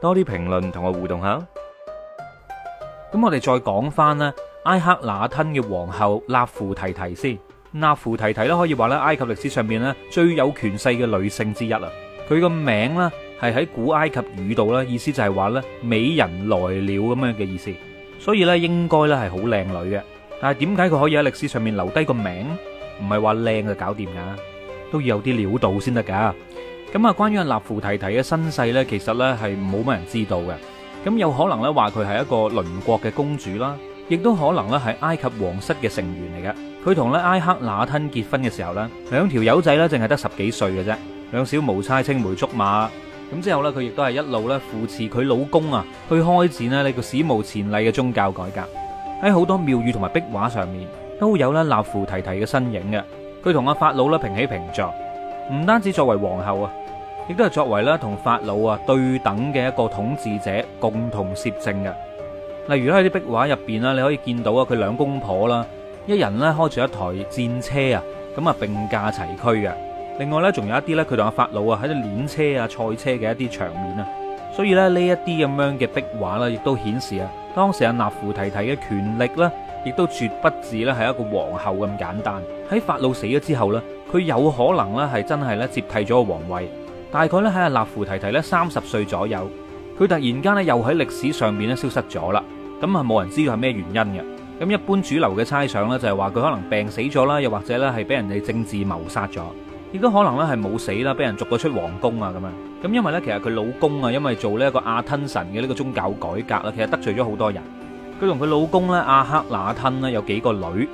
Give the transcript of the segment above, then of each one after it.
多啲評論同我互動下，咁我哋再講翻呢，埃克那吞嘅皇后納芙蒂蒂先，納芙蒂蒂咧可以話咧埃及歷史上面咧最有權勢嘅女性之一啦。佢個名呢係喺古埃及語度啦，意思就係話咧美人來了咁樣嘅意思，所以咧應該咧係好靚女嘅。但係點解佢可以喺歷史上面留低個名？唔係話靚嘅搞掂噶，都要有啲料度先得噶。咁啊，關於納芙蒂蒂嘅身世咧，其實咧係冇乜人知道嘅。咁有可能咧話佢係一個鄰國嘅公主啦，亦都可能咧係埃及皇室嘅成員嚟嘅。佢同咧埃克那吞結婚嘅時候咧，兩條友仔咧淨係得十幾歲嘅啫，兩小無猜，青梅竹馬。咁之後咧，佢亦都係一路咧扶持佢老公啊去開展咧呢個史無前例嘅宗教改革。喺好多廟宇同埋壁畫上面都有咧納芙蒂蒂嘅身影嘅。佢同阿法老咧平起平坐。唔單止作為皇后啊，亦都係作為咧同法老啊對等嘅一個統治者共同攝政嘅。例如喺啲壁畫入邊啦，你可以見到啊佢兩公婆啦，一人咧開住一台戰車啊，咁啊並駕齊驅嘅。另外咧仲有一啲咧佢同阿法老啊喺度練車啊賽車嘅一啲場面啊。所以咧呢一啲咁樣嘅壁畫啦，亦都顯示啊當時阿納芙蒂蒂嘅權力啦。亦都絕不止咧係一個皇后咁簡單。喺法老死咗之後呢，佢有可能咧係真係咧接替咗個皇位。大概咧喺阿納芙蒂蒂呢三十歲左右，佢突然間咧又喺歷史上面咧消失咗啦。咁啊冇人知道係咩原因嘅。咁一般主流嘅猜想呢，就係話佢可能病死咗啦，又或者咧係俾人哋政治謀殺咗，亦都可能咧係冇死啦，俾人逐咗出皇宮啊咁啊。咁因為呢，其實佢老公啊，因為，因為做呢一個亞吞神嘅呢個宗教改革啦，其實得罪咗好多人。佢同佢老公咧阿克那吞呢，有幾個女，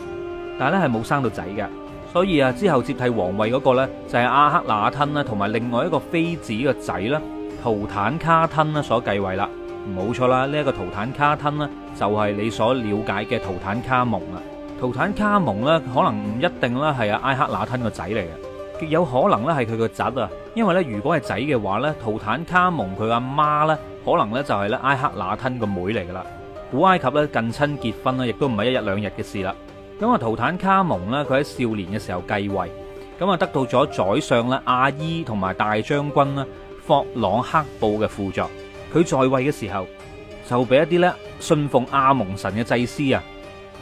但係咧係冇生到仔嘅，所以啊之後接替王位嗰個咧就係阿克那吞啦，同埋另外一個妃子個仔啦，圖坦卡吞呢，所繼位啦，冇錯啦，呢一個圖坦卡吞呢，就係你所了解嘅圖坦卡蒙啦。圖坦卡蒙呢，可能唔一定呢係阿埃克那吞個仔嚟嘅，極有可能呢係佢個侄啊，因為呢，如果係仔嘅話呢，圖坦卡蒙佢阿媽呢，可能呢，就係咧埃克那吞個妹嚟噶啦。古埃及咧近親結婚咧，亦都唔係一日兩日嘅事啦。咁啊，圖坦卡蒙咧，佢喺少年嘅時候繼位，咁啊得到咗宰相咧阿伊同埋大將軍咧霍朗克布嘅輔助。佢在位嘅時候，就俾一啲咧信奉阿蒙神嘅祭司啊，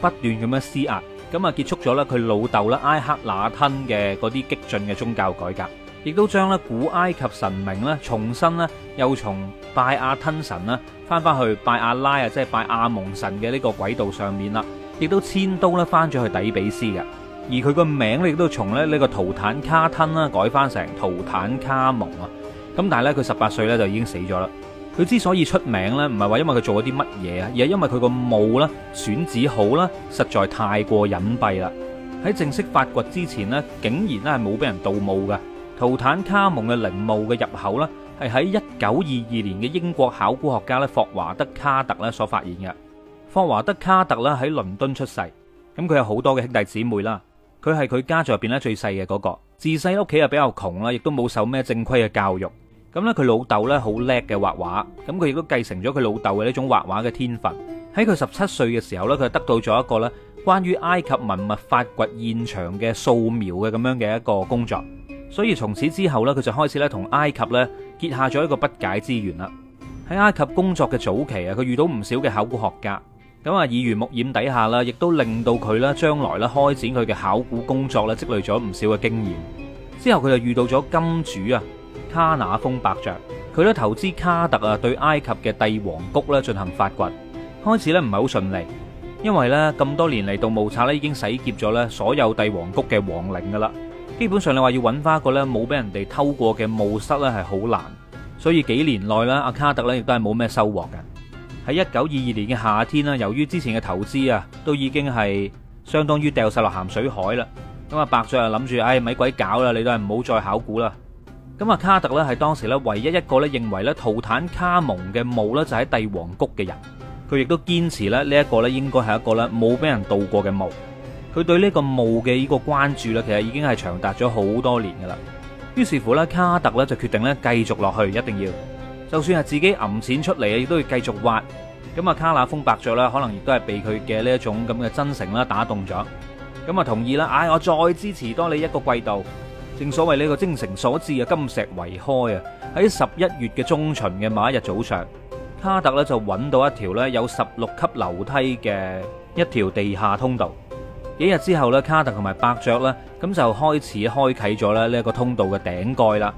不斷咁樣施壓，咁啊結束咗咧佢老豆咧埃克那吞嘅嗰啲激進嘅宗教改革。亦都將咧古埃及神明咧重新咧又從拜亞吞神啦，翻翻去拜阿拉啊，即係拜阿蒙神嘅呢個軌道上面啦。亦都遷都咧翻咗去底比斯嘅，而佢個名亦都從咧呢個圖坦卡吞啦改翻成圖坦卡蒙啊。咁但係咧佢十八歲咧就已經死咗啦。佢之所以出名咧，唔係話因為佢做咗啲乜嘢啊，而係因為佢個墓啦選址好啦，實在太過隱蔽啦。喺正式發掘之前呢，竟然咧係冇俾人盜墓嘅。圖坦卡蒙嘅陵墓嘅入口呢係喺一九二二年嘅英國考古學家咧，霍華德卡特咧所發現嘅。霍華德卡特咧喺倫敦出世，咁佢有好多嘅兄弟姊妹啦。佢係佢家族入邊咧最細嘅嗰個，自細屋企又比較窮啦，亦都冇受咩正規嘅教育。咁咧，佢老豆呢好叻嘅畫畫，咁佢亦都繼承咗佢老豆嘅呢種畫畫嘅天分。喺佢十七歲嘅時候呢，佢得到咗一個咧關於埃及文物發掘現場嘅素描嘅咁樣嘅一個工作。所以從此之後咧，佢就開始咧同埃及咧結下咗一個不解之緣啦。喺埃及工作嘅早期啊，佢遇到唔少嘅考古學家，咁啊耳濡目染底下啦，亦都令到佢咧將來咧開展佢嘅考古工作咧，積累咗唔少嘅經驗。之後佢就遇到咗金主啊卡那豐伯爵，佢都投資卡特啊對埃及嘅帝王谷咧進行發掘，開始咧唔係好順利，因為咧咁多年嚟盜墓賊咧已經洗劫咗咧所有帝王谷嘅皇陵噶啦。基本上你話要揾翻一個咧冇俾人哋偷過嘅墓室咧係好難，所以幾年內咧阿卡特呢亦都係冇咩收穫嘅。喺一九二二年嘅夏天啦，由於之前嘅投資啊都已經係相當於掉晒落咸水海啦，咁啊伯爵又諗住唉咪鬼搞啦，你都係唔好再考古啦。咁啊卡特呢係當時咧唯一一個咧認為咧圖坦卡蒙嘅墓呢就喺帝王谷嘅人，佢亦都堅持咧呢一個咧應該係一個咧冇俾人盜過嘅墓。佢對呢個墓嘅呢個關注啦，其實已經係長達咗好多年噶啦。於是乎咧，卡特咧就決定咧繼續落去，一定要，就算係自己揞錢出嚟，亦都要繼續挖。咁啊，卡納豐伯爵咧，可能亦都係被佢嘅呢一種咁嘅真誠啦打動咗。咁啊，同意啦，唉、哎，我再支持多你一個季度。正所謂呢個精誠所至嘅金石為開啊。喺十一月嘅中旬嘅某一日早上，卡特呢就揾到一條呢有十六級樓梯嘅一條地下通道。幾日之後咧，卡特同埋伯爵咧，咁就開始開啟咗咧呢一個通道嘅頂蓋啦。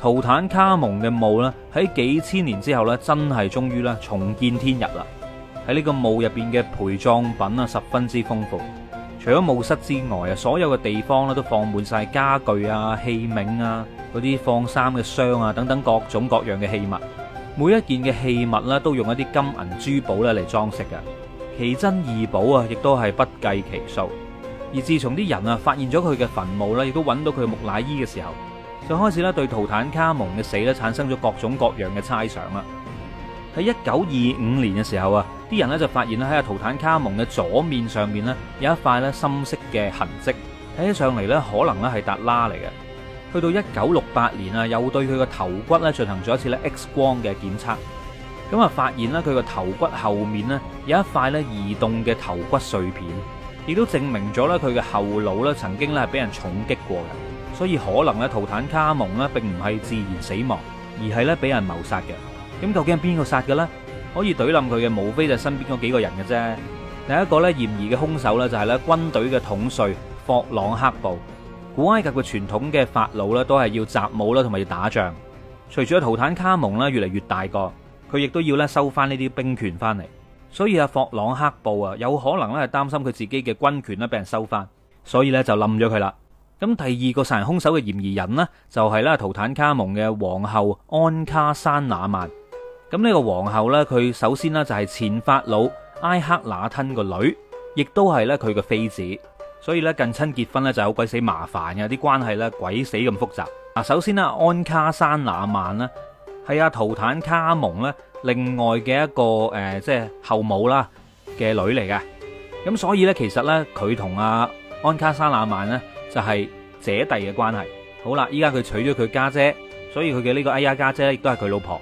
圖坦卡蒙嘅墓咧，喺幾千年之後咧，真係終於咧重見天日啦。喺呢個墓入邊嘅陪葬品啊，十分之豐富。除咗墓室之外啊，所有嘅地方咧都放滿晒家具啊、器皿啊、嗰啲放衫嘅箱啊等等各種各樣嘅器物。每一件嘅器物咧，都用一啲金銀珠寶咧嚟裝飾嘅。奇珍異寶啊，亦都係不計其數。而自從啲人啊發現咗佢嘅墳墓咧，亦都揾到佢木乃伊嘅時候，就開始咧對圖坦卡蒙嘅死咧產生咗各種各樣嘅猜想啦。喺一九二五年嘅時候啊，啲人咧就發現喺阿圖坦卡蒙嘅左面上面咧有一塊咧深色嘅痕迹，睇起上嚟咧，可能咧係達拉嚟嘅。去到一九六八年啊，又對佢嘅頭骨咧進行咗一次咧 X 光嘅檢測。咁啊，發現咧佢個頭骨後面呢有一塊咧移動嘅頭骨碎片，亦都證明咗咧佢嘅後腦呢曾經咧係俾人重擊過嘅，所以可能咧圖坦卡蒙呢並唔係自然死亡，而係咧俾人謀殺嘅。咁究竟係邊個殺嘅咧？可以懟冧佢嘅無非就係身邊嗰幾個人嘅啫。第一個咧嫌疑嘅兇手咧就係咧軍隊嘅統帥霍朗克布。古埃及嘅傳統嘅法老呢，都係要習武啦，同埋要打仗。隨住圖坦卡蒙呢越嚟越大個。佢亦都要咧收翻呢啲兵權翻嚟，所以阿霍朗赫布啊，有可能咧擔心佢自己嘅軍權咧俾人收翻，所以咧就冧咗佢啦。咁第二個殺人兇手嘅嫌疑人呢，就係啦圖坦卡蒙嘅皇后安卡山那曼。咁呢個皇后呢，佢首先呢就係前法老埃克那吞個女，亦都係咧佢個妃子，所以咧近親結婚咧就好鬼死麻煩嘅，啲關係咧鬼死咁複雜。嗱，首先呢，安卡山那曼呢。係啊，圖坦卡蒙咧，另外嘅一個誒、呃，即係後母啦嘅女嚟嘅。咁所以呢，其實呢，佢同阿安卡莎那曼呢，就係、是、姐弟嘅關係。好啦，依家佢娶咗佢家姐，所以佢嘅呢個哎呀家姐亦都係佢老婆。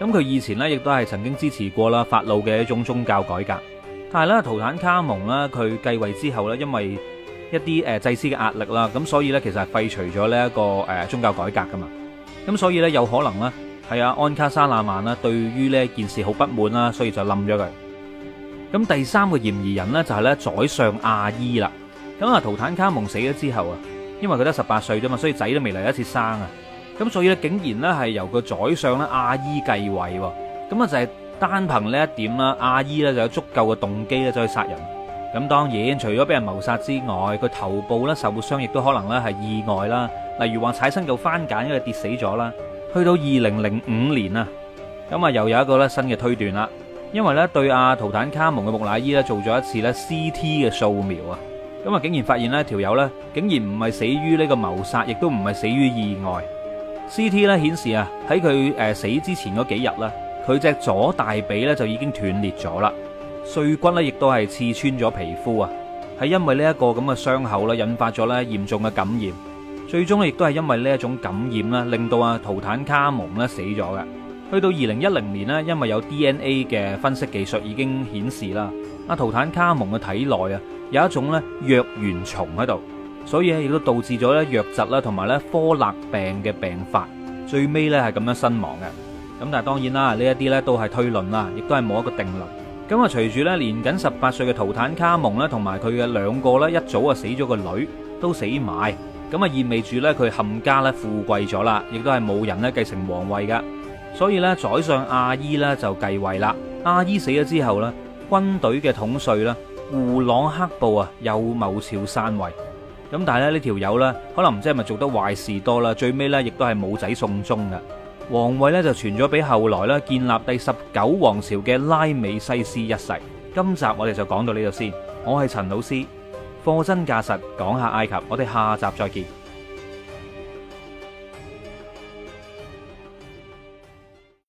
咁、嗯、佢以前呢，亦都係曾經支持過啦法老嘅一種宗教改革。但係咧，圖坦卡蒙呢，佢繼位之後呢，因為一啲誒、呃、祭司嘅壓力啦，咁所以呢，其實係廢除咗呢一個誒、呃、宗教改革㗎嘛。咁所以呢，有可能咧。係啊，安卡莎那曼啦，對於呢件事好不滿啦，所以就冧咗佢。咁第三個嫌疑人呢，就係咧宰相阿伊啦。咁啊，圖坦卡蒙死咗之後啊，因為佢得十八歲啫嘛，所以仔都未嚟得切生啊。咁所以呢，竟然呢係由個宰相咧阿伊繼位。咁啊，就係單憑呢一點啦，阿伊呢就有足夠嘅動機咧就去殺人。咁當然，除咗俾人謀殺之外，佢頭部呢受過傷，亦都可能呢係意外啦，例如話踩親嚿番梘，因為跌死咗啦。去到二零零五年啊，咁啊又有一個咧新嘅推斷啦，因為咧對阿圖坦卡蒙嘅木乃伊咧做咗一次咧 CT 嘅掃描啊，咁啊竟然發現呢條友呢，竟然唔係死於呢個謀殺，亦都唔係死於意外。CT 咧顯示啊，喺佢誒死之前嗰幾日咧，佢隻左大髀咧就已經斷裂咗啦，碎骨咧亦都係刺穿咗皮膚啊，係因為呢一個咁嘅傷口咧引發咗咧嚴重嘅感染。最終亦都係因為呢一種感染啦，令到阿圖坦卡蒙咧死咗嘅。去到二零一零年呢，因為有 DNA 嘅分析技術已經顯示啦，阿圖坦卡蒙嘅體內啊有一種咧瘧原蟲喺度，所以咧亦都導致咗咧瘧疾啦同埋咧科勒病嘅病發，最尾咧係咁樣身亡嘅。咁但係當然啦，呢一啲咧都係推論啦，亦都係冇一個定律。咁啊，隨住咧年僅十八歲嘅圖坦卡蒙咧，同埋佢嘅兩個咧一早啊死咗個女，都死埋。咁啊意味住呢，佢冚家呢，富貴咗啦，亦都係冇人呢繼承皇位噶，所以呢，宰相阿依呢就繼位啦。阿依死咗之後呢，軍隊嘅統帥呢，胡朗克布啊又謀朝篡位，咁但係咧呢條友呢，可能唔知係咪做得壞事多啦，最尾呢亦都係冇仔送終噶。皇位呢就傳咗俾後來呢，建立第十九王朝嘅拉美西斯一世。今集我哋就講到呢度先，我係陳老師。貨真價實，講下埃及，我哋下集再見。